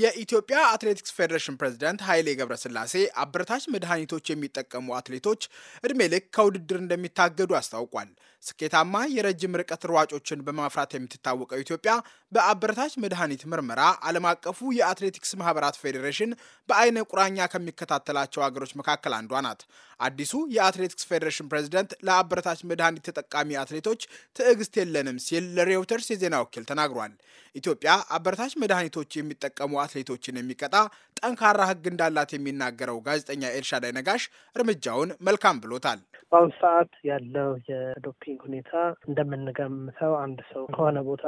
የኢትዮጵያ አትሌቲክስ ፌዴሬሽን ፕሬዝዳንት ኃይሌ ገብረስላሴ አበረታች መድኃኒቶች የሚጠቀሙ አትሌቶች እድሜ ልክ ከውድድር እንደሚታገዱ አስታውቋል። ስኬታማ የረጅም ርቀት ሯጮችን በማፍራት የምትታወቀው ኢትዮጵያ በአበረታች መድኃኒት ምርመራ ዓለም አቀፉ የአትሌቲክስ ማህበራት ፌዴሬሽን በአይነ ቁራኛ ከሚከታተላቸው አገሮች መካከል አንዷ ናት። አዲሱ የአትሌቲክስ ፌዴሬሽን ፕሬዝደንት ለአበረታች መድኃኒት ተጠቃሚ አትሌቶች ትዕግስት የለንም ሲል ለሬውተርስ የዜና ወኪል ተናግሯል። ኢትዮጵያ አበረታች መድኃኒቶች የሚጠቀሙ አትሌቶችን የሚቀጣ ጠንካራ ሕግ እንዳላት የሚናገረው ጋዜጠኛ ኤልሻዳይ ነጋሽ እርምጃውን መልካም ብሎታል። በአሁኑ ሰዓት ያለው የዶፒንግ ሁኔታ እንደምንገምተው አንድ ሰው ከሆነ ቦታ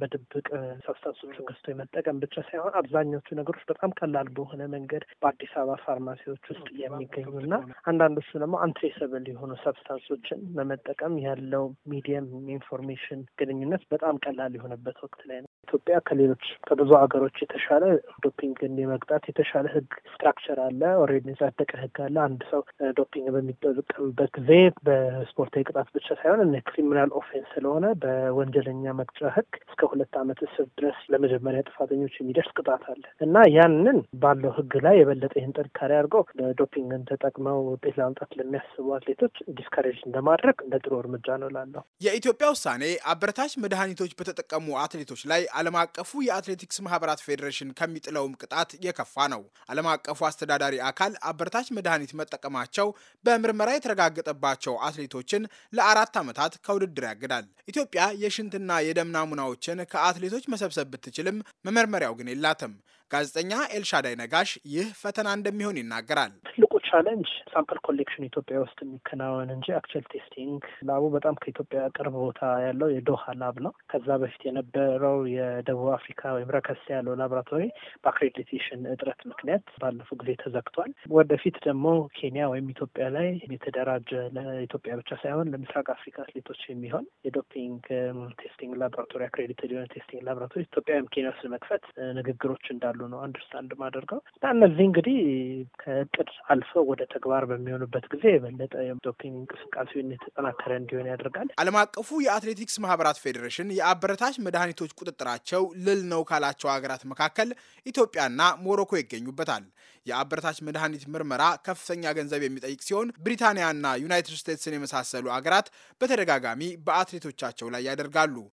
በድብቅ ሰብስታንሶችን ገዝቶ የመጠቀም ብቻ ሳይሆን አብዛኞቹ ነገሮች በጣም ቀላል በሆነ መንገድ በአዲስ አበባ ፋርማሲዎች ውስጥ የሚገኙና አንዳንዶቹ ደግሞ አንትሬሰብል የሆኑ ሰብስታንሶችን በመጠቀም ያለው ሚዲየም ኢንፎርሜሽን ግንኙነት በጣም ቀላል የሆነበት ወቅት ላይ ነው። ኢትዮጵያ ከሌሎች ከብዙ ሀገሮች የተሻለ ዶፒንግን የመቅጣት የተሻለ ህግ ስትራክቸር አለ። ኦልሬዲ የጸደቀ ህግ አለ። አንድ ሰው ዶፒንግ በሚጠቀምበት ጊዜ በስፖርታዊ ቅጣት ብቻ ሳይሆን ክሪሚናል ኦፌንስ ስለሆነ በወንጀለኛ መቅጫ ህግ እስከ ሁለት ዓመት እስር ድረስ ለመጀመሪያ ጥፋተኞች የሚደርስ ቅጣት አለ እና ያንን ባለው ህግ ላይ የበለጠ ይህን ጥንካሬ አድርገው በዶፒንግን ተጠቅመው ውጤት ለማምጣት ለሚያስቡ አትሌቶች ዲስካሬጅ እንደማድረግ እንደ ጥሩ እርምጃ ነው ላለው የኢትዮጵያ ውሳኔ አበረታች መድኃኒቶች በተጠቀሙ አትሌቶች ላይ ዓለም አቀፉ የአትሌቲክስ ማህበራት ፌዴሬሽን ከሚጥለውም ቅጣት የከፋ ነው። ዓለም አቀፉ አስተዳዳሪ አካል አበረታች መድኃኒት መጠቀማቸው በምርመራ የተረጋገጠባቸው አትሌቶችን ለአራት ዓመታት ከውድድር ያግዳል። ኢትዮጵያ የሽንትና የደም ናሙናዎች መረጃዎችን ከአትሌቶች መሰብሰብ ብትችልም መመርመሪያው ግን የላትም። ጋዜጠኛ ኤልሻዳይ ነጋሽ ይህ ፈተና እንደሚሆን ይናገራል። ቻለንጅ ሳምፕል ኮሌክሽን ኢትዮጵያ ውስጥ የሚከናወን እንጂ አክቹዋል ቴስቲንግ ላቡ በጣም ከኢትዮጵያ ቅርብ ቦታ ያለው የዶሃ ላብ ነው። ከዛ በፊት የነበረው የደቡብ አፍሪካ ወይም ረከስ ያለው ላቦራቶሪ በአክሬዲቴሽን እጥረት ምክንያት ባለፈው ጊዜ ተዘግቷል። ወደፊት ደግሞ ኬንያ ወይም ኢትዮጵያ ላይ የተደራጀ ለኢትዮጵያ ብቻ ሳይሆን ለምስራቅ አፍሪካ አትሌቶች የሚሆን የዶፒንግ ቴስቲንግ ላቦራቶሪ አክሬዲትድ የሆነ ቴስቲንግ ላቦራቶሪ ኢትዮጵያ ወይም ኬንያ ውስጥ መክፈት ንግግሮች እንዳሉ ነው አንደርስታንድ ማደርገው እና እነዚህ እንግዲህ ከእቅድ አልፈው ወደ ተግባር በሚሆኑበት ጊዜ የበለጠ የዶፒንግ እንቅስቃሴ የተጠናከረ እንዲሆን ያደርጋል። ዓለም አቀፉ የአትሌቲክስ ማህበራት ፌዴሬሽን የአበረታች መድኃኒቶች ቁጥጥራቸው ልል ነው ካላቸው ሀገራት መካከል ኢትዮጵያና ሞሮኮ ይገኙበታል። የአበረታች መድኃኒት ምርመራ ከፍተኛ ገንዘብ የሚጠይቅ ሲሆን ብሪታንያና ዩናይትድ ስቴትስን የመሳሰሉ አገራት በተደጋጋሚ በአትሌቶቻቸው ላይ ያደርጋሉ።